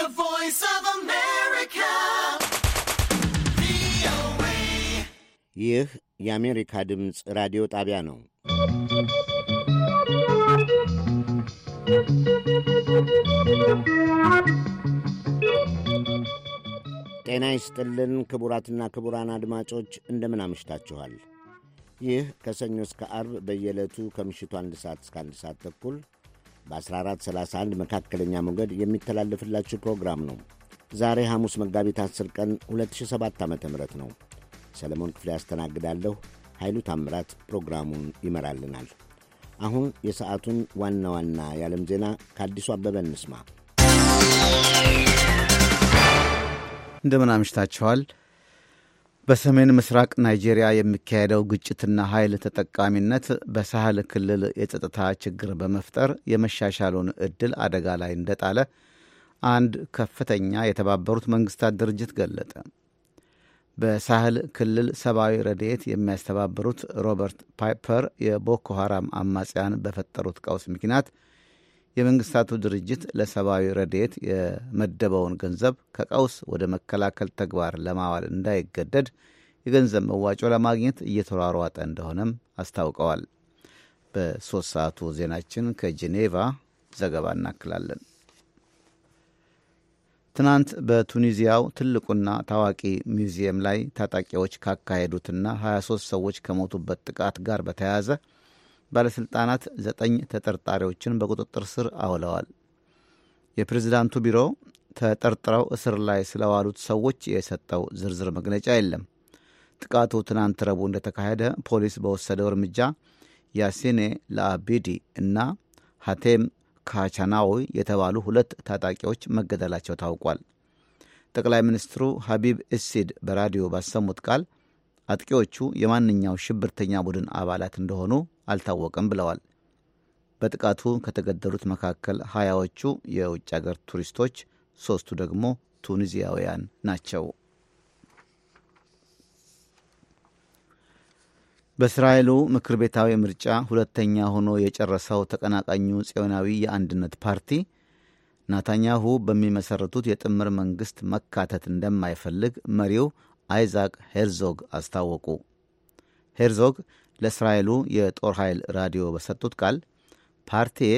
The Voice of America. ይህ የአሜሪካ ድምፅ ራዲዮ ጣቢያ ነው። ጤና ይስጥልን ክቡራትና ክቡራን አድማጮች እንደምን አምሽታችኋል። ይህ ከሰኞ እስከ አርብ በየዕለቱ ከምሽቱ አንድ ሰዓት እስከ አንድ ሰዓት ተኩል በ1431 መካከለኛ ሞገድ የሚተላለፍላችሁ ፕሮግራም ነው። ዛሬ ሐሙስ መጋቢት 10 ቀን 2007 ዓ ም ነው። ሰለሞን ክፍሌ ያስተናግዳለሁ። ኃይሉ ታምራት ፕሮግራሙን ይመራልናል። አሁን የሰዓቱን ዋና ዋና የዓለም ዜና ከአዲሱ አበበ እንስማ። እንደምን አምሽታችኋል። በሰሜን ምስራቅ ናይጄሪያ የሚካሄደው ግጭትና ኃይል ተጠቃሚነት በሳህል ክልል የጸጥታ ችግር በመፍጠር የመሻሻሉን ዕድል አደጋ ላይ እንደጣለ አንድ ከፍተኛ የተባበሩት መንግስታት ድርጅት ገለጠ። በሳህል ክልል ሰብአዊ ረድኤት የሚያስተባብሩት ሮበርት ፓይፐር የቦኮ ሃራም አማጽያን በፈጠሩት ቀውስ ምክንያት የመንግስታቱ ድርጅት ለሰብአዊ ረድኤት የመደበውን ገንዘብ ከቀውስ ወደ መከላከል ተግባር ለማዋል እንዳይገደድ የገንዘብ መዋጮ ለማግኘት እየተሯሯጠ እንደሆነም አስታውቀዋል። በሶስት ሰዓቱ ዜናችን ከጄኔቫ ዘገባ እናክላለን። ትናንት በቱኒዚያው ትልቁና ታዋቂ ሚውዚየም ላይ ታጣቂዎች ካካሄዱትና 23 ሰዎች ከሞቱበት ጥቃት ጋር በተያያዘ ባለሥልጣናት ዘጠኝ ተጠርጣሪዎችን በቁጥጥር ስር አውለዋል። የፕሬዝዳንቱ ቢሮ ተጠርጥረው እስር ላይ ስለዋሉት ሰዎች የሰጠው ዝርዝር መግለጫ የለም። ጥቃቱ ትናንት ረቡዕ እንደተካሄደ ፖሊስ በወሰደው እርምጃ ያሲኔ ለአቢዲ እና ሀቴም ካቻናዊ የተባሉ ሁለት ታጣቂዎች መገደላቸው ታውቋል። ጠቅላይ ሚኒስትሩ ሀቢብ እሲድ በራዲዮ ባሰሙት ቃል አጥቂዎቹ የማንኛው ሽብርተኛ ቡድን አባላት እንደሆኑ አልታወቀም ብለዋል። በጥቃቱ ከተገደሉት መካከል ሀያዎቹ የውጭ አገር ቱሪስቶች፣ ሦስቱ ደግሞ ቱኒዚያውያን ናቸው። በእስራኤሉ ምክር ቤታዊ ምርጫ ሁለተኛ ሆኖ የጨረሰው ተቀናቃኙ ጽዮናዊ የአንድነት ፓርቲ ናታኛሁ በሚመሠረቱት የጥምር መንግሥት መካተት እንደማይፈልግ መሪው አይዛክ ሄርዞግ አስታወቁ። ሄርዞግ ለእስራኤሉ የጦር ኃይል ራዲዮ በሰጡት ቃል ፓርቲዬ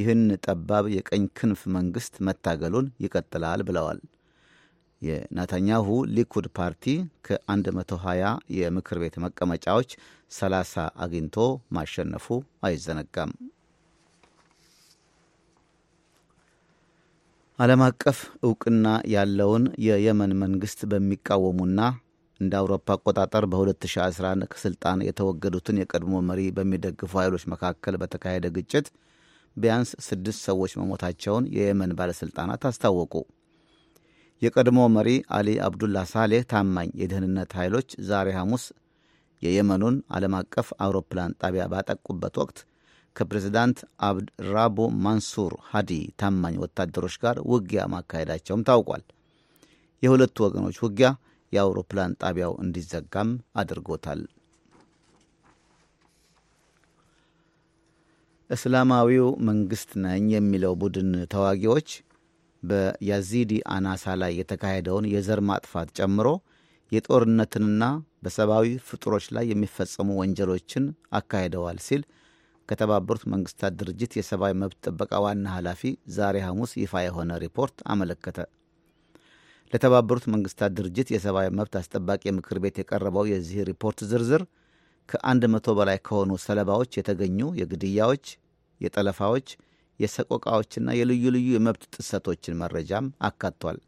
ይህን ጠባብ የቀኝ ክንፍ መንግሥት መታገሉን ይቀጥላል ብለዋል። የናታኛሁ ሊኩድ ፓርቲ ከ120 የምክር ቤት መቀመጫዎች 30 አግኝቶ ማሸነፉ አይዘነጋም። ዓለም አቀፍ እውቅና ያለውን የየመን መንግስት በሚቃወሙና እንደ አውሮፓ አቆጣጠር በ2011 ከስልጣን የተወገዱትን የቀድሞ መሪ በሚደግፉ ኃይሎች መካከል በተካሄደ ግጭት ቢያንስ ስድስት ሰዎች መሞታቸውን የየመን ባለሥልጣናት አስታወቁ። የቀድሞ መሪ አሊ አብዱላ ሳሌህ ታማኝ የደህንነት ኃይሎች ዛሬ ሐሙስ የየመኑን ዓለም አቀፍ አውሮፕላን ጣቢያ ባጠቁበት ወቅት ከፕሬዚዳንት አብድራቡ ማንሱር ሃዲ ታማኝ ወታደሮች ጋር ውጊያ ማካሄዳቸውም ታውቋል። የሁለቱ ወገኖች ውጊያ የአውሮፕላን ጣቢያው እንዲዘጋም አድርጎታል። እስላማዊው መንግስት ነኝ የሚለው ቡድን ተዋጊዎች በያዚዲ አናሳ ላይ የተካሄደውን የዘር ማጥፋት ጨምሮ የጦርነትንና በሰብአዊ ፍጡሮች ላይ የሚፈጸሙ ወንጀሎችን አካሂደዋል ሲል ከተባበሩት መንግስታት ድርጅት የሰብአዊ መብት ጥበቃ ዋና ኃላፊ ዛሬ ሐሙስ ይፋ የሆነ ሪፖርት አመለከተ። ለተባበሩት መንግስታት ድርጅት የሰብአዊ መብት አስጠባቂ ምክር ቤት የቀረበው የዚህ ሪፖርት ዝርዝር ከአንድ መቶ በላይ ከሆኑ ሰለባዎች የተገኙ የግድያዎች፣ የጠለፋዎች፣ የሰቆቃዎችና የልዩ ልዩ የመብት ጥሰቶችን መረጃም አካቷል።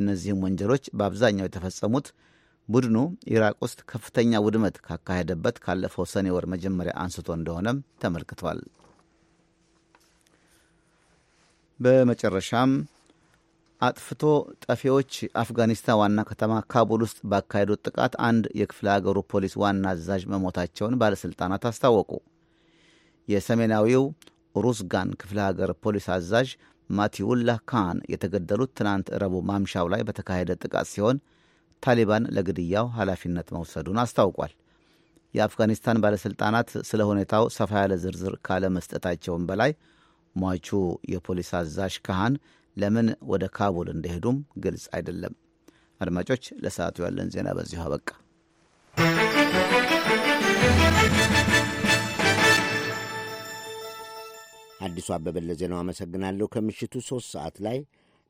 እነዚህም ወንጀሎች በአብዛኛው የተፈጸሙት ቡድኑ ኢራቅ ውስጥ ከፍተኛ ውድመት ካካሄደበት ካለፈው ሰኔ ወር መጀመሪያ አንስቶ እንደሆነም ተመልክቷል። በመጨረሻም አጥፍቶ ጠፊዎች አፍጋኒስታን ዋና ከተማ ካቡል ውስጥ ባካሄዱት ጥቃት አንድ የክፍለ አገሩ ፖሊስ ዋና አዛዥ መሞታቸውን ባለሥልጣናት አስታወቁ። የሰሜናዊው ሩስጋን ክፍለ አገር ፖሊስ አዛዥ ማቲውላ ካን የተገደሉት ትናንት ረቡዕ ማምሻው ላይ በተካሄደ ጥቃት ሲሆን ታሊባን ለግድያው ኃላፊነት መውሰዱን አስታውቋል። የአፍጋኒስታን ባለሥልጣናት ስለ ሁኔታው ሰፋ ያለ ዝርዝር ካለ መስጠታቸውን በላይ ሟቹ የፖሊስ አዛዥ ካህን ለምን ወደ ካቡል እንደሄዱም ግልጽ አይደለም። አድማጮች፣ ለሰዓቱ ያለን ዜና በዚሁ አበቃ። አዲሱ አበበን ለዜናው አመሰግናለሁ። ከምሽቱ ሦስት ሰዓት ላይ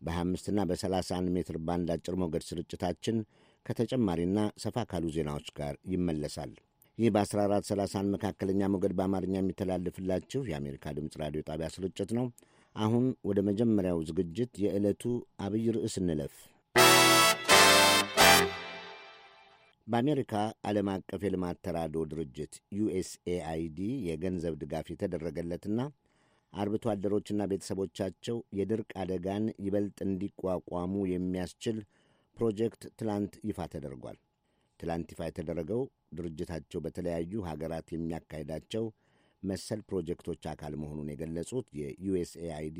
በ25ና በ31 ሜትር ባንድ አጭር ሞገድ ስርጭታችን ከተጨማሪና ሰፋ ካሉ ዜናዎች ጋር ይመለሳል። ይህ በ1431 መካከለኛ ሞገድ በአማርኛ የሚተላልፍላችሁ የአሜሪካ ድምፅ ራዲዮ ጣቢያ ስርጭት ነው። አሁን ወደ መጀመሪያው ዝግጅት የዕለቱ አብይ ርዕስ እንለፍ። በአሜሪካ ዓለም አቀፍ የልማት ተራድኦ ድርጅት ዩኤስኤአይዲ የገንዘብ ድጋፍ የተደረገለትና አርብቶ አደሮችና ቤተሰቦቻቸው የድርቅ አደጋን ይበልጥ እንዲቋቋሙ የሚያስችል ፕሮጀክት ትላንት ይፋ ተደርጓል። ትላንት ይፋ የተደረገው ድርጅታቸው በተለያዩ ሀገራት የሚያካሂዳቸው መሰል ፕሮጀክቶች አካል መሆኑን የገለጹት የዩኤስኤአይዲ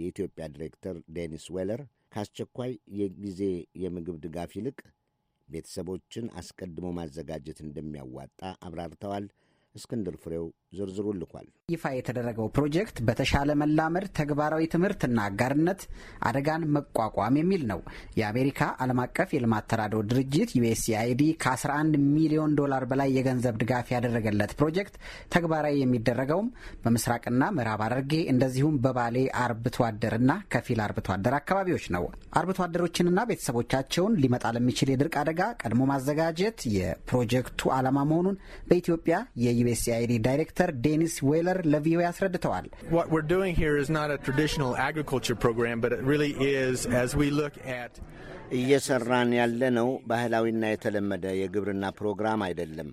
የኢትዮጵያ ዲሬክተር ዴኒስ ዌለር ከአስቸኳይ የጊዜ የምግብ ድጋፍ ይልቅ ቤተሰቦችን አስቀድሞ ማዘጋጀት እንደሚያዋጣ አብራርተዋል። እስክንድር ፍሬው ዝርዝሩ ልኳል። ይፋ የተደረገው ፕሮጀክት በተሻለ መላመድ፣ ተግባራዊ ትምህርትና አጋርነት አደጋን መቋቋም የሚል ነው። የአሜሪካ ዓለም አቀፍ የልማት ተራድኦ ድርጅት ዩኤስኤአይዲ ከ11 ሚሊዮን ዶላር በላይ የገንዘብ ድጋፍ ያደረገለት ፕሮጀክት ተግባራዊ የሚደረገውም በምስራቅና ምዕራብ ሐረርጌ እንደዚሁም በባሌ አርብቶ አደርና ከፊል አርብቶ አደር አካባቢዎች ነው። አርብቶ አደሮችንና ቤተሰቦቻቸውን ሊመጣ ለሚችል የድርቅ አደጋ ቀድሞ ማዘጋጀት የፕሮጀክቱ ዓላማ መሆኑን በኢትዮጵያ የዩኤስኤአይዲ ዳይሬክተር ዴኒስ ዌለር እንደነበር ለቪኦኤ አስረድተዋል። እየሰራን ያለነው ባህላዊና የተለመደ የግብርና ፕሮግራም አይደለም።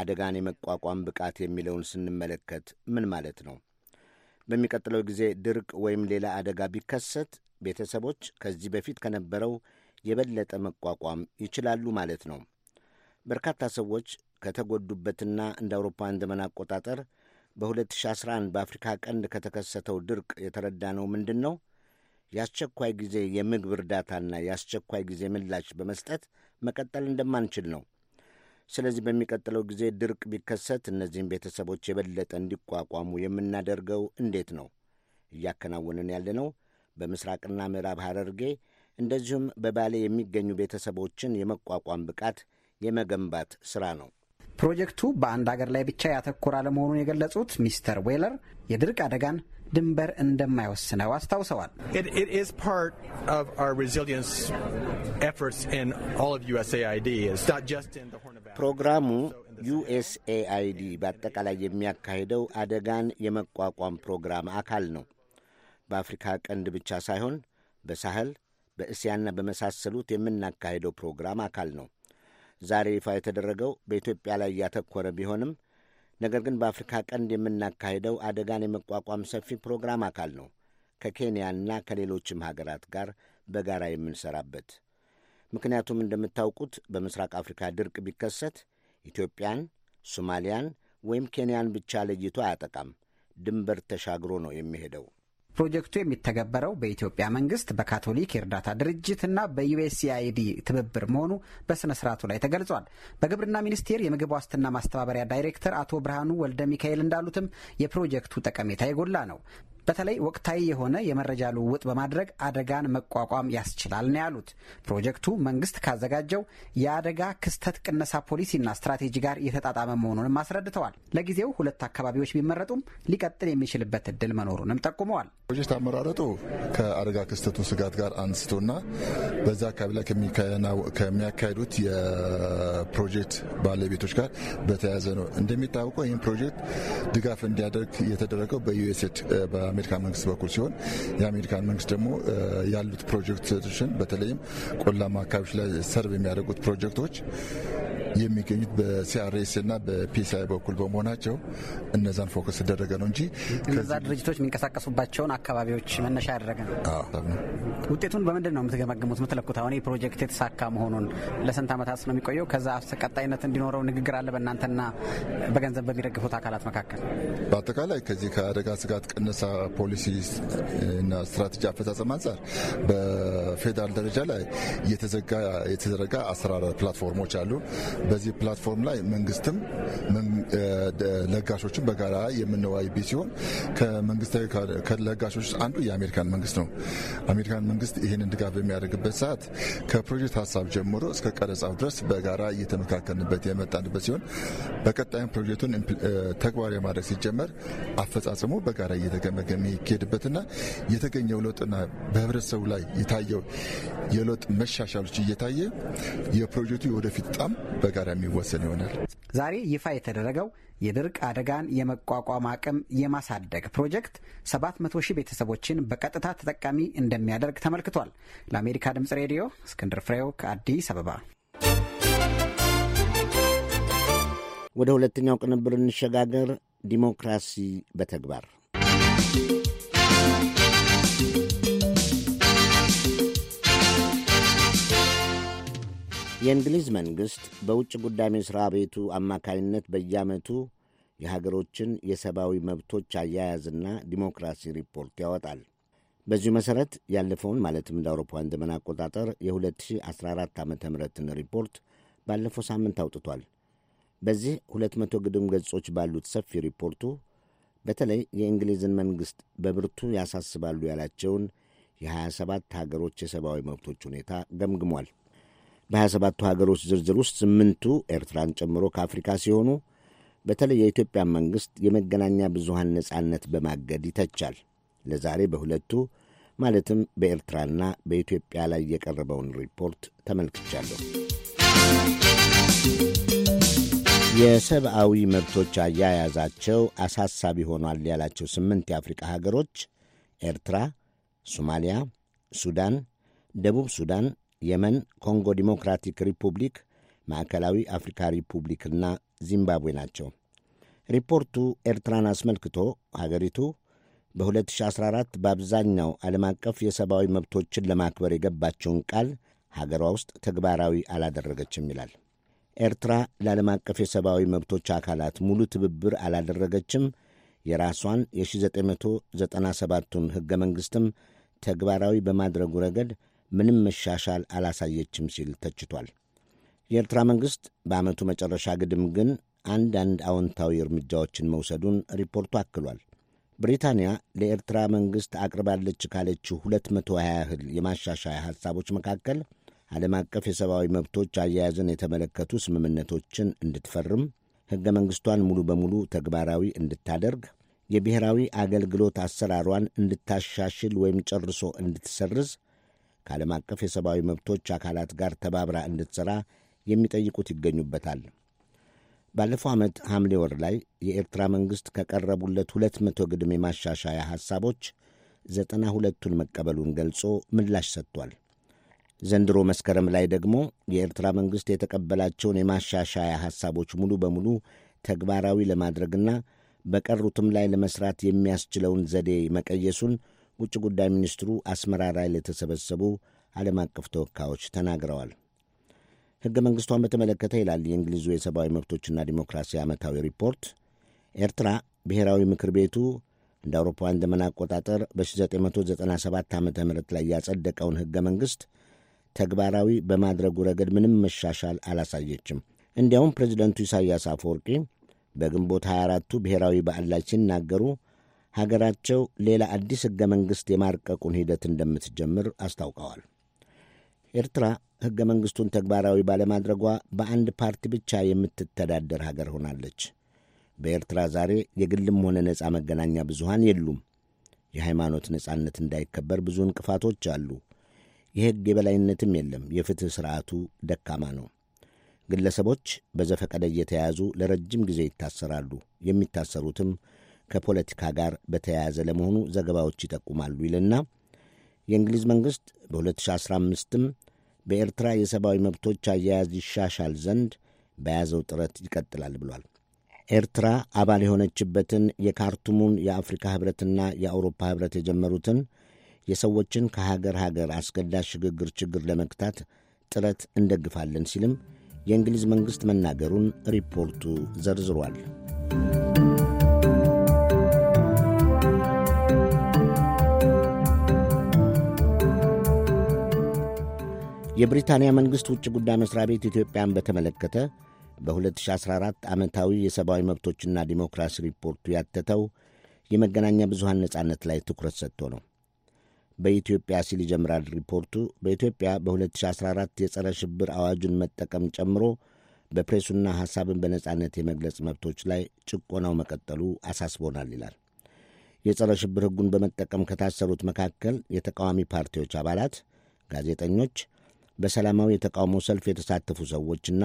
አደጋን የመቋቋም ብቃት የሚለውን ስንመለከት ምን ማለት ነው? በሚቀጥለው ጊዜ ድርቅ ወይም ሌላ አደጋ ቢከሰት ቤተሰቦች ከዚህ በፊት ከነበረው የበለጠ መቋቋም ይችላሉ ማለት ነው። በርካታ ሰዎች ከተጎዱበትና እንደ አውሮፓውያን ዘመን አቆጣጠር በ2011 በአፍሪካ ቀንድ ከተከሰተው ድርቅ የተረዳነው ምንድን ነው? የአስቸኳይ ጊዜ የምግብ እርዳታና የአስቸኳይ ጊዜ ምላሽ በመስጠት መቀጠል እንደማንችል ነው። ስለዚህ በሚቀጥለው ጊዜ ድርቅ ቢከሰት እነዚህም ቤተሰቦች የበለጠ እንዲቋቋሙ የምናደርገው እንዴት ነው? እያከናወንን ያለነው በምስራቅና ምዕራብ ሐረርጌ እንደዚሁም በባሌ የሚገኙ ቤተሰቦችን የመቋቋም ብቃት የመገንባት ሥራ ነው። ፕሮጀክቱ በአንድ አገር ላይ ብቻ ያተኮረ አለመሆኑን የገለጹት ሚስተር ዌለር የድርቅ አደጋን ድንበር እንደማይወስነው አስታውሰዋል። ፕሮግራሙ ዩኤስኤአይዲ በአጠቃላይ የሚያካሂደው አደጋን የመቋቋም ፕሮግራም አካል ነው። በአፍሪካ ቀንድ ብቻ ሳይሆን በሳህል በእስያና በመሳሰሉት የምናካሂደው ፕሮግራም አካል ነው። ዛሬ ይፋ የተደረገው በኢትዮጵያ ላይ እያተኮረ ቢሆንም ነገር ግን በአፍሪካ ቀንድ የምናካሄደው አደጋን የመቋቋም ሰፊ ፕሮግራም አካል ነው። ከኬንያና ከሌሎችም ሀገራት ጋር በጋራ የምንሰራበት ምክንያቱም እንደምታውቁት በምስራቅ አፍሪካ ድርቅ ቢከሰት ኢትዮጵያን፣ ሶማሊያን ወይም ኬንያን ብቻ ለይቶ አያጠቃም። ድንበር ተሻግሮ ነው የሚሄደው። ፕሮጀክቱ የሚተገበረው በኢትዮጵያ መንግስት በካቶሊክ የእርዳታ ድርጅት እና በዩኤስኤአይዲ ትብብር መሆኑ በስነ ስርዓቱ ላይ ተገልጿል። በግብርና ሚኒስቴር የምግብ ዋስትና ማስተባበሪያ ዳይሬክተር አቶ ብርሃኑ ወልደ ሚካኤል እንዳሉትም የፕሮጀክቱ ጠቀሜታ የጎላ ነው። በተለይ ወቅታዊ የሆነ የመረጃ ልውውጥ በማድረግ አደጋን መቋቋም ያስችላል ነው ያሉት። ፕሮጀክቱ መንግስት ካዘጋጀው የአደጋ ክስተት ቅነሳ ፖሊሲና ስትራቴጂ ጋር የተጣጣመ መሆኑንም አስረድተዋል። ለጊዜው ሁለት አካባቢዎች ቢመረጡም ሊቀጥል የሚችልበት እድል መኖሩንም ጠቁመዋል። ፕሮጀክት አመራረጡ ከአደጋ ክስተቱ ስጋት ጋር አንስቶና በዛ አካባቢ ላይ ከሚያካሄዱት የፕሮጀክት ባለቤቶች ጋር በተያያዘ ነው። እንደሚታወቀው ይህም ፕሮጀክት ድጋፍ እንዲያደርግ የተደረገው በዩኤስኤድ በአሜሪካን መንግስት በኩል ሲሆን የአሜሪካን መንግስት ደግሞ ያሉት ፕሮጀክቶችን በተለይም ቆላማ አካባቢዎች ላይ ሰርቭ የሚያደርጉት ፕሮጀክቶች የሚገኙት በሲአርኤስ እና በፒኤስአይ በኩል በመሆናቸው እነዛን ፎከስ ተደረገ ነው እንጂ እነዛ ድርጅቶች የሚንቀሳቀሱባቸውን አካባቢዎች መነሻ ያደረገ ነው። ውጤቱን በምንድን ነው የምትገመግሙት የምትለኩት? አሁን ፕሮጀክት የተሳካ መሆኑን ለስንት ዓመታት ነው የሚቆየው? ከዛ ቀጣይነት እንዲኖረው ንግግር አለ በእናንተና በገንዘብ በሚደግፉት አካላት መካከል? በአጠቃላይ ከዚህ ከአደጋ ስጋት ቅነሳ ፖሊሲ እና ስትራቴጂ አፈጻጸም አንጻር በፌዴራል ደረጃ ላይ የተዘረጋ አሰራር ፕላትፎርሞች አሉ። በዚህ ፕላትፎርም ላይ መንግስትም ለጋሾችን በጋራ የምንወያይበት ሲሆን ከመንግስታዊ ከለጋሾች አንዱ የአሜሪካን መንግስት ነው። አሜሪካን መንግስት ይህንን ድጋፍ በሚያደርግበት ሰዓት ከፕሮጀክት ሀሳብ ጀምሮ እስከ ቀረጻው ድረስ በጋራ እየተመካከልንበት የመጣንበት ሲሆን በቀጣይም ፕሮጀክቱን ተግባራዊ ማድረግ ሲጀመር አፈጻጸሙ በጋራ እየተገመገመ ይካሄድበትና የተገኘው ለውጥና በህብረተሰቡ ላይ የታየው የለውጥ መሻሻሎች እየታየ የፕሮጀክቱ የወደፊት ጣም ጋር የሚወሰን ይሆናል። ዛሬ ይፋ የተደረገው የድርቅ አደጋን የመቋቋም አቅም የማሳደግ ፕሮጀክት 700 ሺህ ቤተሰቦችን በቀጥታ ተጠቃሚ እንደሚያደርግ ተመልክቷል። ለአሜሪካ ድምጽ ሬዲዮ እስክንድር ፍሬው ከአዲስ አበባ። ወደ ሁለተኛው ቅንብር እንሸጋገር። ዲሞክራሲ በተግባር የእንግሊዝ መንግሥት በውጭ ጉዳይ መሥሪያ ቤቱ አማካይነት በየዓመቱ የሀገሮችን የሰብአዊ መብቶች አያያዝና ዲሞክራሲ ሪፖርት ያወጣል። በዚሁ መሠረት ያለፈውን ማለትም እንደ አውሮፓውያን ዘመን አቆጣጠር የ2014 ዓ ምትን ሪፖርት ባለፈው ሳምንት አውጥቷል። በዚህ 200 ግድም ገጾች ባሉት ሰፊ ሪፖርቱ በተለይ የእንግሊዝን መንግሥት በብርቱ ያሳስባሉ ያላቸውን የ27 ሀገሮች የሰብአዊ መብቶች ሁኔታ ገምግሟል። በ27ቱ ሀገሮች ዝርዝር ውስጥ ስምንቱ ኤርትራን ጨምሮ ከአፍሪካ ሲሆኑ በተለይ የኢትዮጵያ መንግሥት የመገናኛ ብዙሃን ነጻነት በማገድ ይተቻል። ለዛሬ በሁለቱ ማለትም በኤርትራና በኢትዮጵያ ላይ የቀረበውን ሪፖርት ተመልክቻለሁ። የሰብአዊ መብቶች አያያዛቸው አሳሳቢ ሆኗል ያላቸው ስምንት የአፍሪቃ ሀገሮች ኤርትራ፣ ሶማሊያ፣ ሱዳን፣ ደቡብ ሱዳን፣ የመን፣ ኮንጎ ዲሞክራቲክ ሪፑብሊክ፣ ማዕከላዊ አፍሪካ ሪፑብሊክና ዚምባብዌ ናቸው። ሪፖርቱ ኤርትራን አስመልክቶ ሀገሪቱ በ2014 በአብዛኛው ዓለም አቀፍ የሰብአዊ መብቶችን ለማክበር የገባቸውን ቃል ሀገሯ ውስጥ ተግባራዊ አላደረገችም ይላል። ኤርትራ ለዓለም አቀፍ የሰብአዊ መብቶች አካላት ሙሉ ትብብር አላደረገችም፣ የራሷን የ1997ቱን ሕገ መንግሥትም ተግባራዊ በማድረጉ ረገድ ምንም መሻሻል አላሳየችም ሲል ተችቷል። የኤርትራ መንግሥት በዓመቱ መጨረሻ ግድም ግን አንዳንድ አዎንታዊ እርምጃዎችን መውሰዱን ሪፖርቱ አክሏል። ብሪታንያ ለኤርትራ መንግሥት አቅርባለች ካለችው 220 ያህል የማሻሻያ ሐሳቦች መካከል ዓለም አቀፍ የሰብአዊ መብቶች አያያዝን የተመለከቱ ስምምነቶችን እንድትፈርም፣ ሕገ መንግሥቷን ሙሉ በሙሉ ተግባራዊ እንድታደርግ፣ የብሔራዊ አገልግሎት አሰራሯን እንድታሻሽል ወይም ጨርሶ እንድትሰርዝ ከዓለም አቀፍ የሰብአዊ መብቶች አካላት ጋር ተባብራ እንድትሠራ የሚጠይቁት ይገኙበታል። ባለፈው ዓመት ሐምሌ ወር ላይ የኤርትራ መንግሥት ከቀረቡለት ሁለት መቶ ግድም የማሻሻያ ሐሳቦች ዘጠና ሁለቱን መቀበሉን ገልጾ ምላሽ ሰጥቷል። ዘንድሮ መስከረም ላይ ደግሞ የኤርትራ መንግሥት የተቀበላቸውን የማሻሻያ ሐሳቦች ሙሉ በሙሉ ተግባራዊ ለማድረግና በቀሩትም ላይ ለመሥራት የሚያስችለውን ዘዴ መቀየሱን ውጭ ጉዳይ ሚኒስትሩ አስመራ ላይ ለተሰበሰቡ ዓለም አቀፍ ተወካዮች ተናግረዋል። ሕገ መንግሥቷን በተመለከተ ይላል የእንግሊዙ የሰብአዊ መብቶችና ዲሞክራሲ ዓመታዊ ሪፖርት፣ ኤርትራ ብሔራዊ ምክር ቤቱ እንደ አውሮፓውያን ዘመን አቆጣጠር በ1997 ዓ ም ላይ ያጸደቀውን ሕገ መንግሥት ተግባራዊ በማድረጉ ረገድ ምንም መሻሻል አላሳየችም። እንዲያውም ፕሬዚደንቱ ኢሳያስ አፈወርቂ በግንቦት 24ቱ ብሔራዊ በዓል ላይ ሲናገሩ ሀገራቸው ሌላ አዲስ ሕገ መንግሥት የማርቀቁን ሂደት እንደምትጀምር አስታውቀዋል። ኤርትራ ሕገ መንግሥቱን ተግባራዊ ባለማድረጓ በአንድ ፓርቲ ብቻ የምትተዳደር ሀገር ሆናለች። በኤርትራ ዛሬ የግልም ሆነ ነፃ መገናኛ ብዙሃን የሉም። የሃይማኖት ነፃነት እንዳይከበር ብዙ እንቅፋቶች አሉ። የሕግ የበላይነትም የለም። የፍትሕ ሥርዓቱ ደካማ ነው። ግለሰቦች በዘፈቀደ እየተያዙ ለረጅም ጊዜ ይታሰራሉ። የሚታሰሩትም ከፖለቲካ ጋር በተያያዘ ለመሆኑ ዘገባዎች ይጠቁማሉ ይልና የእንግሊዝ መንግሥት በ2015ም በኤርትራ የሰብአዊ መብቶች አያያዝ ይሻሻል ዘንድ በያዘው ጥረት ይቀጥላል ብሏል። ኤርትራ አባል የሆነችበትን የካርቱሙን የአፍሪካ ኅብረትና የአውሮፓ ኅብረት የጀመሩትን የሰዎችን ከሀገር ሀገር አስገዳጅ ሽግግር ችግር ለመግታት ጥረት እንደግፋለን ሲልም የእንግሊዝ መንግሥት መናገሩን ሪፖርቱ ዘርዝሯል። የብሪታንያ መንግሥት ውጭ ጉዳይ መሥሪያ ቤት ኢትዮጵያን በተመለከተ በ2014 ዓመታዊ የሰብአዊ መብቶችና ዲሞክራሲ ሪፖርቱ ያተተው የመገናኛ ብዙሃን ነጻነት ላይ ትኩረት ሰጥቶ ነው። በኢትዮጵያ ሲል ይጀምራል ሪፖርቱ። በኢትዮጵያ በ2014 የጸረ ሽብር አዋጁን መጠቀም ጨምሮ በፕሬሱና ሐሳብን በነጻነት የመግለጽ መብቶች ላይ ጭቆናው መቀጠሉ አሳስቦናል ይላል። የጸረ ሽብር ሕጉን በመጠቀም ከታሰሩት መካከል የተቃዋሚ ፓርቲዎች አባላት፣ ጋዜጠኞች፣ በሰላማዊ የተቃውሞ ሰልፍ የተሳተፉ ሰዎችና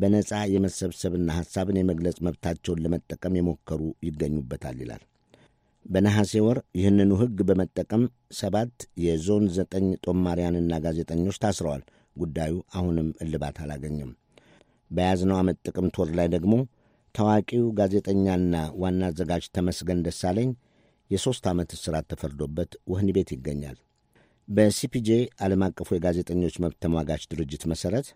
በነጻ የመሰብሰብና ሐሳብን የመግለጽ መብታቸውን ለመጠቀም የሞከሩ ይገኙበታል ይላል። በነሐሴ ወር ይህንኑ ሕግ በመጠቀም ሰባት የዞን ዘጠኝ ጦማሪያንና ጋዜጠኞች ታስረዋል። ጉዳዩ አሁንም እልባት አላገኘም። በያዝነው ዓመት ጥቅምት ወር ላይ ደግሞ ታዋቂው ጋዜጠኛና ዋና አዘጋጅ ተመስገን ደሳለኝ የሦስት ዓመት እስራት ተፈርዶበት ወህኒ ቤት ይገኛል። በሲፒጄ ዓለም አቀፉ የጋዜጠኞች መብት ተሟጋች ድርጅት መሠረት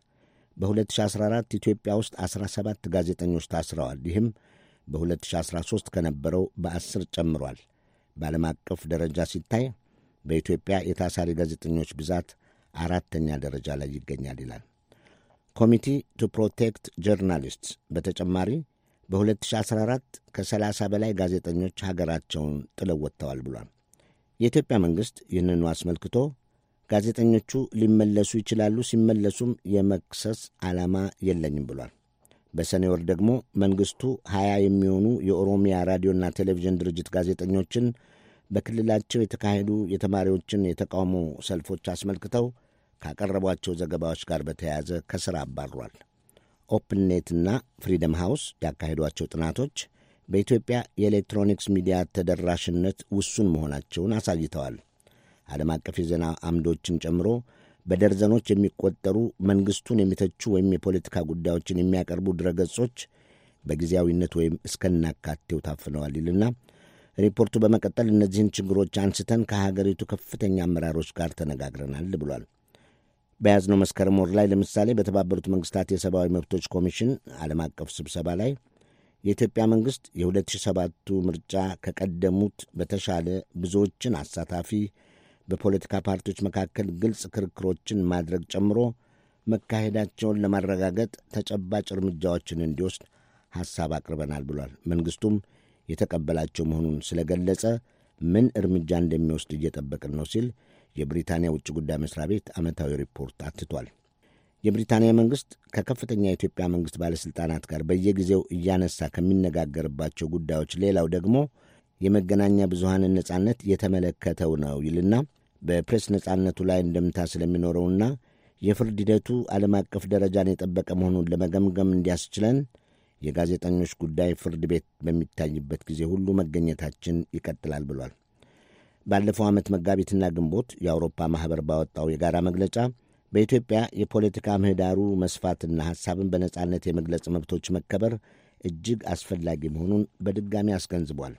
በ2014 ኢትዮጵያ ውስጥ 17 ጋዜጠኞች ታስረዋል። ይህም በ2013 ከነበረው በ10 ጨምሯል። በዓለም አቀፍ ደረጃ ሲታይ በኢትዮጵያ የታሳሪ ጋዜጠኞች ብዛት አራተኛ ደረጃ ላይ ይገኛል ይላል ኮሚቲ ቱ ፕሮቴክት ጆርናሊስትስ። በተጨማሪ በ2014 ከ30 በላይ ጋዜጠኞች ሀገራቸውን ጥለው ወጥተዋል ብሏል። የኢትዮጵያ መንግሥት ይህንኑ አስመልክቶ ጋዜጠኞቹ ሊመለሱ ይችላሉ፣ ሲመለሱም የመክሰስ ዓላማ የለኝም ብሏል። በሰኔ ወር ደግሞ መንግሥቱ ሀያ የሚሆኑ የኦሮሚያ ራዲዮና ቴሌቪዥን ድርጅት ጋዜጠኞችን በክልላቸው የተካሄዱ የተማሪዎችን የተቃውሞ ሰልፎች አስመልክተው ካቀረቧቸው ዘገባዎች ጋር በተያያዘ ከሥራ አባሯል። ኦፕንኔትና ፍሪደም ሃውስ ያካሄዷቸው ጥናቶች በኢትዮጵያ የኤሌክትሮኒክስ ሚዲያ ተደራሽነት ውሱን መሆናቸውን አሳይተዋል። ዓለም አቀፍ የዜና አምዶችን ጨምሮ በደርዘኖች የሚቆጠሩ መንግሥቱን የሚተቹ ወይም የፖለቲካ ጉዳዮችን የሚያቀርቡ ድረገጾች በጊዜያዊነት ወይም እስከናካቴው ታፍነዋል ይልና ሪፖርቱ በመቀጠል እነዚህን ችግሮች አንስተን ከሀገሪቱ ከፍተኛ አመራሮች ጋር ተነጋግረናል ብሏል። በያዝነው መስከረም ወር ላይ ለምሳሌ በተባበሩት መንግስታት የሰብአዊ መብቶች ኮሚሽን ዓለም አቀፍ ስብሰባ ላይ የኢትዮጵያ መንግሥት የ2007ቱ ምርጫ ከቀደሙት በተሻለ ብዙዎችን አሳታፊ በፖለቲካ ፓርቲዎች መካከል ግልጽ ክርክሮችን ማድረግ ጨምሮ መካሄዳቸውን ለማረጋገጥ ተጨባጭ እርምጃዎችን እንዲወስድ ሐሳብ አቅርበናል ብሏል። መንግሥቱም የተቀበላቸው መሆኑን ስለገለጸ ምን እርምጃ እንደሚወስድ እየጠበቅን ነው ሲል የብሪታንያ ውጭ ጉዳይ መሥሪያ ቤት ዓመታዊ ሪፖርት አትቷል። የብሪታንያ መንግሥት ከከፍተኛ የኢትዮጵያ መንግሥት ባለሥልጣናት ጋር በየጊዜው እያነሳ ከሚነጋገርባቸው ጉዳዮች ሌላው ደግሞ የመገናኛ ብዙሃንን ነጻነት የተመለከተው ነው ይልና በፕሬስ ነጻነቱ ላይ እንደምታ ስለሚኖረውና የፍርድ ሂደቱ ዓለም አቀፍ ደረጃን የጠበቀ መሆኑን ለመገምገም እንዲያስችለን የጋዜጠኞች ጉዳይ ፍርድ ቤት በሚታይበት ጊዜ ሁሉ መገኘታችን ይቀጥላል ብሏል። ባለፈው ዓመት መጋቢትና ግንቦት የአውሮፓ ማኅበር ባወጣው የጋራ መግለጫ በኢትዮጵያ የፖለቲካ ምህዳሩ መስፋትና ሐሳብን በነጻነት የመግለጽ መብቶች መከበር እጅግ አስፈላጊ መሆኑን በድጋሚ አስገንዝቧል።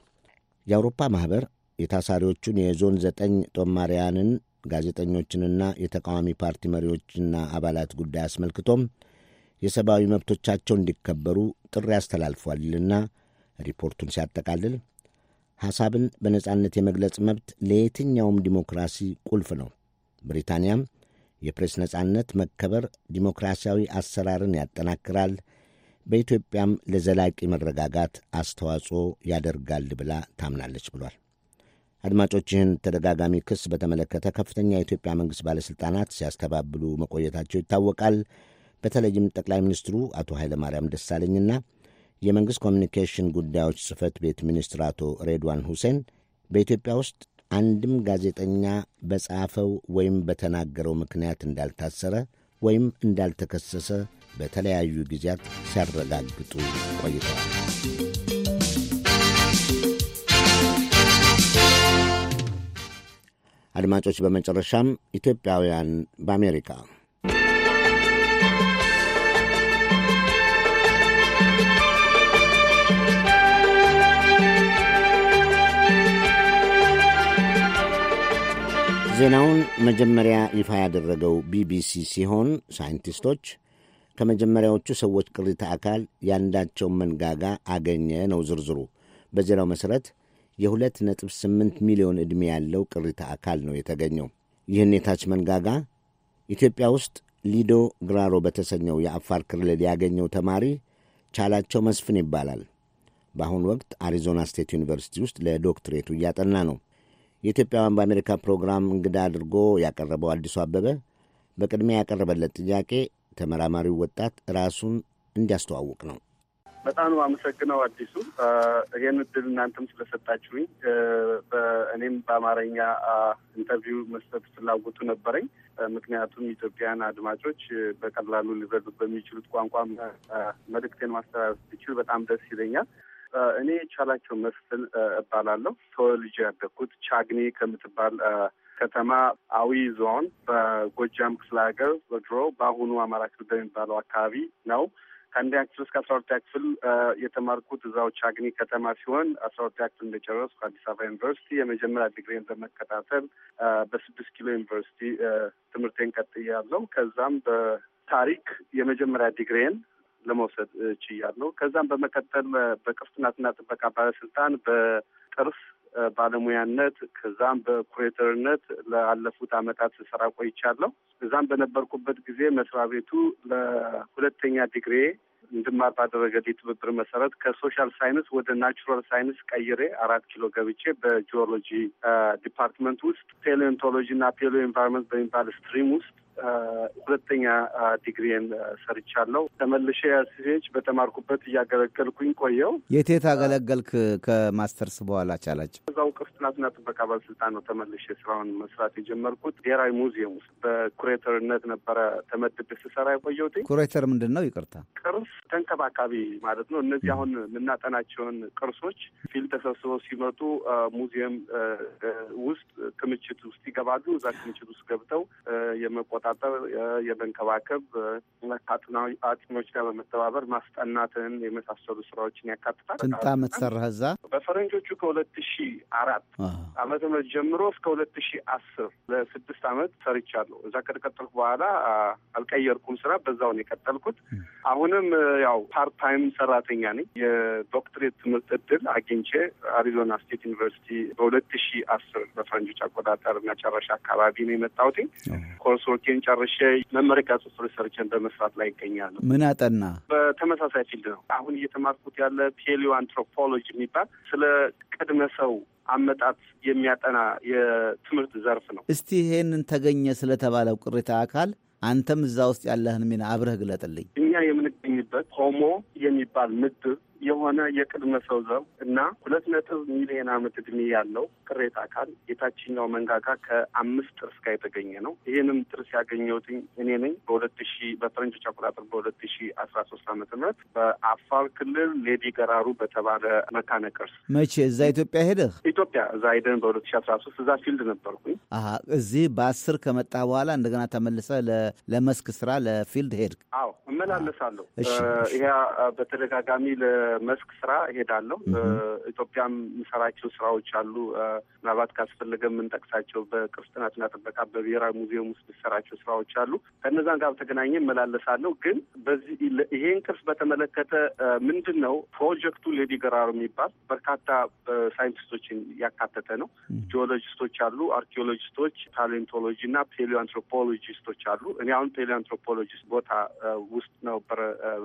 የአውሮፓ ማኅበር የታሳሪዎቹን የዞን ዘጠኝ ጦማሪያንን ጋዜጠኞችንና የተቃዋሚ ፓርቲ መሪዎችና አባላት ጉዳይ አስመልክቶም የሰብአዊ መብቶቻቸው እንዲከበሩ ጥሪ አስተላልፏልና ሪፖርቱን ሲያጠቃልል ሐሳብን በነጻነት የመግለጽ መብት ለየትኛውም ዲሞክራሲ ቁልፍ ነው። ብሪታንያም የፕሬስ ነጻነት መከበር ዲሞክራሲያዊ አሰራርን ያጠናክራል፣ በኢትዮጵያም ለዘላቂ መረጋጋት አስተዋጽኦ ያደርጋል ብላ ታምናለች ብሏል። አድማጮች፣ ይህን ተደጋጋሚ ክስ በተመለከተ ከፍተኛ የኢትዮጵያ መንግሥት ባለሥልጣናት ሲያስተባብሉ መቆየታቸው ይታወቃል። በተለይም ጠቅላይ ሚኒስትሩ አቶ ኃይለማርያም ደሳለኝና የመንግሥት ኮሚኒኬሽን ጉዳዮች ጽህፈት ቤት ሚኒስትር አቶ ሬድዋን ሁሴን በኢትዮጵያ ውስጥ አንድም ጋዜጠኛ በጻፈው ወይም በተናገረው ምክንያት እንዳልታሰረ ወይም እንዳልተከሰሰ በተለያዩ ጊዜያት ሲያረጋግጡ ቆይተዋል። አድማጮች፣ በመጨረሻም ኢትዮጵያውያን በአሜሪካ ዜናውን መጀመሪያ ይፋ ያደረገው ቢቢሲ ሲሆን ሳይንቲስቶች ከመጀመሪያዎቹ ሰዎች ቅሪተ አካል ያንዳቸውን መንጋጋ አገኘ ነው ዝርዝሩ። በዜናው መሠረት የ2.8 ሚሊዮን ዕድሜ ያለው ቅሪተ አካል ነው የተገኘው። ይህን የታች መንጋጋ ኢትዮጵያ ውስጥ ሊዶ ግራሮ በተሰኘው የአፋር ክልል ያገኘው ተማሪ ቻላቸው መስፍን ይባላል። በአሁኑ ወቅት አሪዞና ስቴት ዩኒቨርሲቲ ውስጥ ለዶክትሬቱ እያጠና ነው። የኢትዮጵያውያን በአሜሪካ ፕሮግራም እንግዳ አድርጎ ያቀረበው አዲሱ አበበ በቅድሚያ ያቀረበለት ጥያቄ ተመራማሪው ወጣት ራሱን እንዲያስተዋውቅ ነው። በጣም አመሰግነው አዲሱ፣ ይህን እድል እናንተም ስለሰጣችሁኝ። እኔም በአማርኛ ኢንተርቪው መስጠት ፍላጎቱ ነበረኝ። ምክንያቱም ኢትዮጵያን አድማጮች በቀላሉ ሊረዱ በሚችሉት ቋንቋ መልእክቴን ማስተላለፍ ብችል በጣም ደስ ይለኛል። እኔ የቻላቸው መስፍን እባላለሁ። ተወልጄ ያደግኩት ቻግኒ ከምትባል ከተማ አዊ ዞን በጎጃም ክፍለ ሀገር በድሮ በአሁኑ አማራ ክልል በሚባለው አካባቢ ነው። ከአንደኛ ክፍል እስከ አስራ ሁለተኛ ክፍል የተማርኩት እዛው ቻግኒ ከተማ ሲሆን አስራ ሁለተኛ ክፍል እንደጨረስኩ አዲስ አበባ ዩኒቨርሲቲ የመጀመሪያ ዲግሪን በመከታተል በስድስት ኪሎ ዩኒቨርሲቲ ትምህርቴን ቀጥያለሁ። ከዛም በታሪክ የመጀመሪያ ዲግሪን ለመውሰድ ችያለሁ። ከዛም በመቀጠል በቅርስ ጥበቃ ባለስልጣን በጥርስ ባለሙያነት ከዛም በኩሬተርነት ለአለፉት አመታት ስራ ቆይቻለሁ። እዛም በነበርኩበት ጊዜ መስሪያ ቤቱ ለሁለተኛ ዲግሪ እንድማር ባደረገልኝ ትብብር መሰረት ከሶሻል ሳይንስ ወደ ናቹራል ሳይንስ ቀይሬ አራት ኪሎ ገብቼ በጂኦሎጂ ዲፓርትመንት ውስጥ ፔሌንቶሎጂ እና ፔሎ ኤንቫይሮንመንት በሚባል ስትሪም ውስጥ ሁለተኛ ዲግሪን ሰርቻለሁ። ተመልሼ ያስሄጅ በተማርኩበት እያገለገልኩኝ ቆየው። የት የት አገለገልክ? ከማስተርስ በኋላ ቻላቸው እዛው ቅርስ ጥናትና ጥበቃ ባለስልጣን ነው ተመልሼ ስራውን መስራት የጀመርኩት። ብሔራዊ ሙዚየም ውስጥ በኩሬተርነት ነበረ ተመድቤ ስሰራ የቆየሁት። ኩሬተር ምንድን ነው? ይቅርታ፣ ቅርስ ተንከባካቢ ማለት ነው። እነዚህ አሁን የምናጠናቸውን ቅርሶች ፊል ተሰብስበው ሲመጡ ሙዚየም ውስጥ ክምችት ውስጥ ይገባሉ። እዛ ክምችት ውስጥ ገብተው የመቆ የመቆጣጠር፣ የመንከባከብ ከሐኪሞች ጋር በመተባበር ማስጠናትን የመሳሰሉ ስራዎችን ያካትታል። ስንት ዓመት ሰራህ እዛ? በፈረንጆቹ ከሁለት ሺ አራት ዓመተ ምህረት ጀምሮ እስከ ሁለት ሺ አስር ለስድስት ዓመት ሰርቻለሁ። እዛ ከተቀጠልኩ በኋላ አልቀየርኩም ስራ፣ በዛውን የቀጠልኩት። አሁንም ያው ፓርት ታይም ሰራተኛ ነኝ። የዶክትሬት ትምህርት እድል አግኝቼ አሪዞና ስቴት ዩኒቨርሲቲ በሁለት ሺ አስር በፈረንጆች አቆጣጠር መጨረሻ አካባቢ ነው የመጣሁት። ኮርስ ትምህርቴን ጨርሼ መመረቂያ ጽሑፍ ሪሰርችን በመስራት ላይ ይገኛሉ። ምን አጠና? በተመሳሳይ ፊልድ ነው አሁን እየተማርኩት ያለ ፔሊዮ አንትሮፖሎጂ የሚባል ስለ ቅድመ ሰው አመጣት የሚያጠና የትምህርት ዘርፍ ነው። እስቲ ይሄንን ተገኘ ስለተባለው ቅሪተ አካል አንተም እዛ ውስጥ ያለህን ሚና አብረህ ግለጥልኝ። እኛ የምንገኝበት ሆሞ የሚባል ምድብ የሆነ የቅድመ ሰው ዘር እና ሁለት ነጥብ ሚሊዮን አመት እድሜ ያለው ቅሬታ አካል የታችኛው መንጋጋ ከአምስት ጥርስ ጋር የተገኘ ነው። ይህንም ጥርስ ያገኘሁት እኔ ነኝ በሁለት ሺ በፈረንጆች አቆጣጠር በሁለት ሺ አስራ ሶስት ዓመተ ምህረት በአፋር ክልል ሌዲ ገራሩ በተባለ መካነ ቅርስ መቼ እዛ ኢትዮጵያ ሄደህ ኢትዮጵያ እዛ ሄደን በሁለት ሺ አስራ ሶስት እዛ ፊልድ ነበርኩኝ። አሀ እዚህ በአስር ከመጣ በኋላ እንደገና ተመልሰ ለመስክ ስራ ለፊልድ ሄድክ? አዎ እመላለሳለሁ። ይሄ በተደጋጋሚ የመስክ ስራ እሄዳለሁ። ኢትዮጵያም የምሰራቸው ስራዎች አሉ። ምናልባት ካስፈለገ የምንጠቅሳቸው በቅርስ ጥናትና ጥበቃ በብሔራዊ ሙዚየም ውስጥ የምሰራቸው ስራዎች አሉ። ከእነዛን ጋር በተገናኘ እመላለሳለሁ። ግን በዚህ ይሄን ቅርስ በተመለከተ ምንድን ነው ፕሮጀክቱ ሌዲ ገራሩ የሚባል በርካታ ሳይንቲስቶችን ያካተተ ነው። ጂኦሎጂስቶች አሉ፣ አርኪኦሎጂስቶች፣ ፓሌንቶሎጂ እና ፔሊአንትሮፖሎጂስቶች አሉ። እኔ አሁን ፔሊአንትሮፖሎጂስት ቦታ ውስጥ ነበረ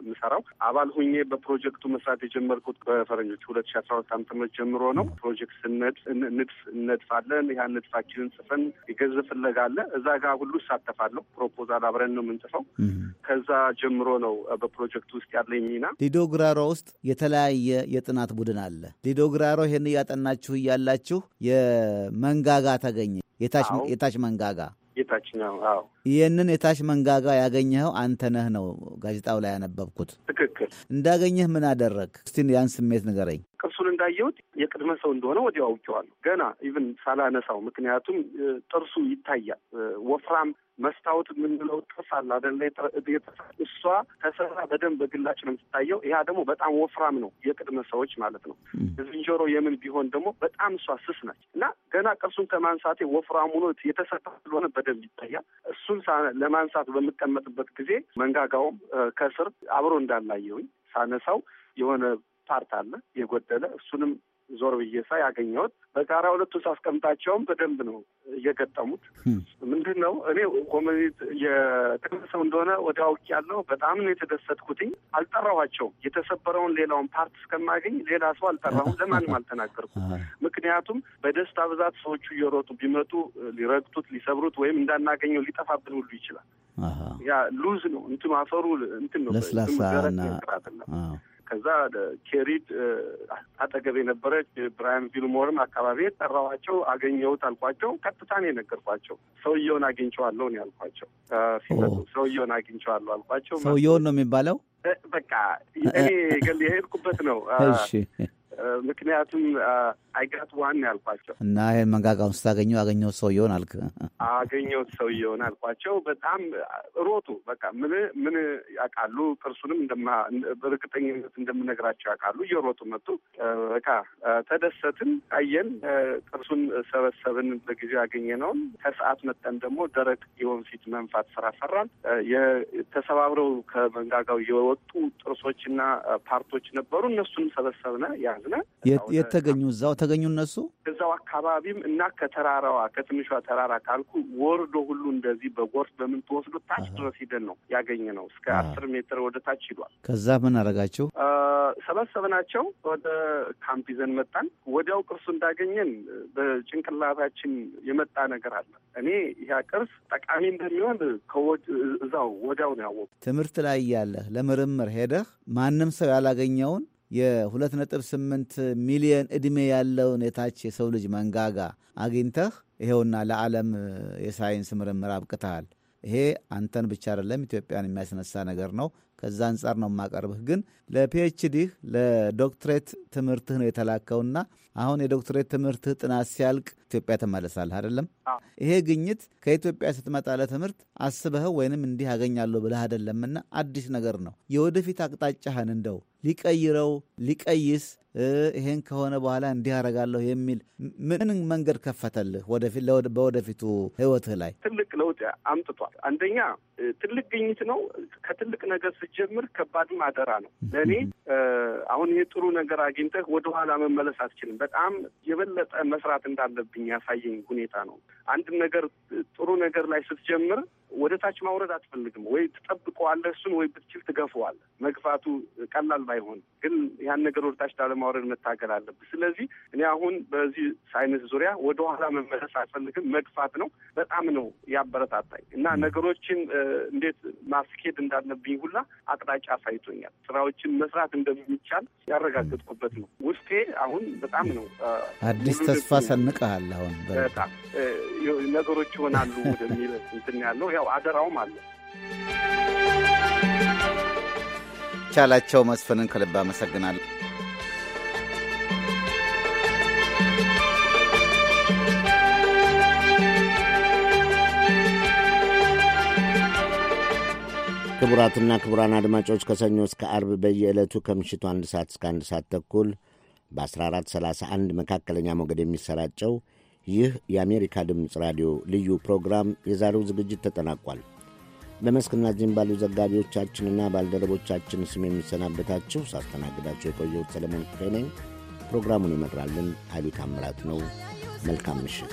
የምሰራው አባል ሁኜ በፕሮጀክቱ መሰ መስራት የጀመርኩት በፈረንጆች ሁለት ሺ አስራ ሁለት ዓመተ ምህረት ጀምሮ ነው። ፕሮጀክት ስነድ ንድፍ እነድፋለን። ያ ንድፋችንን ጽፈን የገንዘብ ፍለጋ አለ። እዛ ጋር ሁሉ እሳተፋለሁ። ፕሮፖዛል አብረን ነው የምንጽፈው። ከዛ ጀምሮ ነው በፕሮጀክት ውስጥ ያለኝ ሚና። ሊዶ ግራሮ ውስጥ የተለያየ የጥናት ቡድን አለ። ሊዶ ግራሮ ይህን እያጠናችሁ እያላችሁ የመንጋጋ ተገኘ የታች መንጋጋ የታችኛው አዎ። ይህንን የታች መንጋጋ ያገኘኸው አንተነህ ነው ጋዜጣው ላይ ያነበብኩት። ትክክል። እንዳገኘህ ምን አደረግ? እስቲ ያን ስሜት ንገረኝ። ቅርሱ እንዳየሁት የቅድመ ሰው እንደሆነ ወዲያው አውቄዋለሁ። ገና ኢቭን ሳላነሳው፣ ምክንያቱም ጥርሱ ይታያል። ወፍራም መስታወት የምንለው ጥርስ አለ አደለ? እሷ ተሰራ በደንብ በግላጭ ነው የምትታየው። ይህ ደግሞ በጣም ወፍራም ነው፣ የቅድመ ሰዎች ማለት ነው። ዝንጀሮ የምን ቢሆን ደግሞ በጣም እሷ ስስ ነች እና ገና ቅርሱን ከማንሳቴ ወፍራም ሆኖ የተሰራ ስለሆነ በደንብ ይታያል። እሱን ለማንሳት በምቀመጥበት ጊዜ መንጋጋውም ከስር አብሮ እንዳላየውኝ ሳነሳው የሆነ ፓርት አለ የጎደለ እሱንም ዞር ብዬ ሳይ ያገኘሁት በጋራ ሁለቱ ሳስቀምጣቸውም በደንብ ነው እየገጠሙት። ምንድን ነው እኔ ኮሚኒቲ የጥቅም ሰው እንደሆነ ወደ አውቅ ያለው በጣም ነው የተደሰትኩትኝ። አልጠራኋቸውም። የተሰበረውን ሌላውን ፓርት እስከማገኝ ሌላ ሰው አልጠራሁም፣ ለማንም አልተናገርኩም። ምክንያቱም በደስታ ብዛት ሰዎቹ እየሮጡ ቢመጡ ሊረግጡት፣ ሊሰብሩት ወይም እንዳናገኘው ሊጠፋብን ሁሉ ይችላል። ያ ሉዝ ነው እንትኑ አፈሩ እንትን ነው ለስላሳ ከዛ ኬሪድ አጠገብ የነበረች ብራያን ቪልሞርም አካባቢ ጠራዋቸው፣ አገኘሁት አልኳቸው። ቀጥታ ነው የነገርኳቸው። ሰውየውን አግኝቼዋለሁ ነው ያልኳቸው። ሰውየውን አግኝቼዋለሁ አልኳቸው። ሰውየውን ነው የሚባለው። በቃ እኔ የሄድኩበት ነው ምክንያቱም አይጋት ዋን ያልኳቸው እና ይህን መንጋጋውን ስታገኘ አገኘሁት ሰውየውን አልክ አገኘሁት ሰውየውን አልኳቸው። በጣም ሮጡ። በቃ ምን ምን ያውቃሉ። ቅርሱንም በእርግጠኝነት እንደምነግራቸው ያውቃሉ። እየሮጡ መጡ። በቃ ተደሰትን፣ አየን። ቅርሱን ሰበሰብን። በጊዜው ያገኘነውን ከሰዓት መጠን ደግሞ ደረቅ ፊት መንፋት ስራ ሰራን። ተሰባብረው ከመንጋጋው የወጡ ጥርሶችና ፓርቶች ነበሩ። እነሱን ሰበሰብነ ያዝነ። የተገኙ እዛው ተገኙ እነሱ ከዛው አካባቢም እና ከተራራዋ ከትንሿ ተራራ ካልኩ ወርዶ ሁሉ እንደዚህ በጎርፍ በምን ተወስዶ ታች ድረስ ሂደን ነው ያገኘ ነው። እስከ አስር ሜትር ወደ ታች ሂዷል። ከዛ ምን አረጋችሁ? ሰበሰብናቸው፣ ወደ ካምፕ ይዘን መጣን። ወዲያው ቅርሱ እንዳገኘን በጭንቅላታችን የመጣ ነገር አለ። እኔ ያ ቅርስ ጠቃሚ እንደሚሆን እዛው ወዲያው ነው ያወቁ። ትምህርት ላይ ያለህ ለምርምር ሄደህ ማንም ሰው ያላገኘውን የ2.8 ሚሊዮን ዕድሜ ያለውን የታች የሰው ልጅ መንጋጋ አግኝተህ ይኸውና ለዓለም የሳይንስ ምርምር አብቅተሃል። ይሄ አንተን ብቻ አይደለም ኢትዮጵያን የሚያስነሳ ነገር ነው። ከዛ አንጻር ነው የማቀርብህ። ግን ለፒኤችዲህ ለዶክትሬት ትምህርትህ ነው የተላከውና አሁን የዶክትሬት ትምህርትህ ጥናት ሲያልቅ ኢትዮጵያ ትመለሳለህ አይደለም? ይሄ ግኝት ከኢትዮጵያ ስትመጣ ለትምህርት አስበህ ወይንም እንዲህ አገኛለሁ ብለህ አይደለምና አዲስ ነገር ነው። የወደፊት አቅጣጫህን እንደው ሊቀይረው ሊቀይስ ይሄን ከሆነ በኋላ እንዲህ የሚል ምን መንገድ ከፈተልህ? በወደፊቱ ህይወትህ ላይ ትልቅ ለውጥ አምጥቷል። አንደኛ ትልቅ ግኝት ነው። ከትልቅ ነገር ስትጀምር ከባድም አደራ ነው። ለእኔ አሁን ይሄ ጥሩ ነገር አግኝተህ ወደኋላ መመለስ አትችልም። በጣም የበለጠ መስራት እንዳለብኝ ያሳየኝ ሁኔታ ነው። አንድ ነገር ጥሩ ነገር ላይ ስትጀምር ወደ ታች ማውረድ አትፈልግም ወይ ትጠብቀዋለህ፣ እሱን ወይ ብትችል ትገፈዋለህ። መግፋቱ ቀላል ባይሆን ግን ያን ነገር ወደታች ላለማውረድ መታገል አለብህ። ስለዚህ እኔ አሁን በዚህ ሳይንስ ዙሪያ ወደኋላ መመለስ አልፈልግም። መግፋት ነው በጣም ነው ያበረታታኝ እና ነገሮችን እንዴት ማስኬድ እንዳለብኝ ሁላ አቅጣጫ አሳይቶኛል። ስራዎችን መስራት እንደሚቻል ያረጋገጥኩበት ነው። ውስጤ አሁን በጣም ነው አዲስ ተስፋ ሰንቀሃል። አሁን በጣም ነገሮች ይሆናሉ ወደሚል እንትን ያለው ያው አደራውም አለ ቻላቸው መስፍንን ከልብ አመሰግናል። ክቡራትና ክቡራን አድማጮች ከሰኞ እስከ አርብ በየዕለቱ ከምሽቱ አንድ ሰዓት እስከ አንድ ሰዓት ተኩል በ1431 መካከለኛ ሞገድ የሚሰራጨው ይህ የአሜሪካ ድምፅ ራዲዮ ልዩ ፕሮግራም የዛሬው ዝግጅት ተጠናቋል። በመስክና ዚህም ባሉ ዘጋቢዎቻችንና ባልደረቦቻችን ስም የሚሰናበታችሁ ሳስተናግዳቸው የቆየሁት ሰለሞን ክፍሌ ነኝ። ፕሮግራሙን ይመራልን ኃይሉ ታምራት ነው። መልካም ምሽት።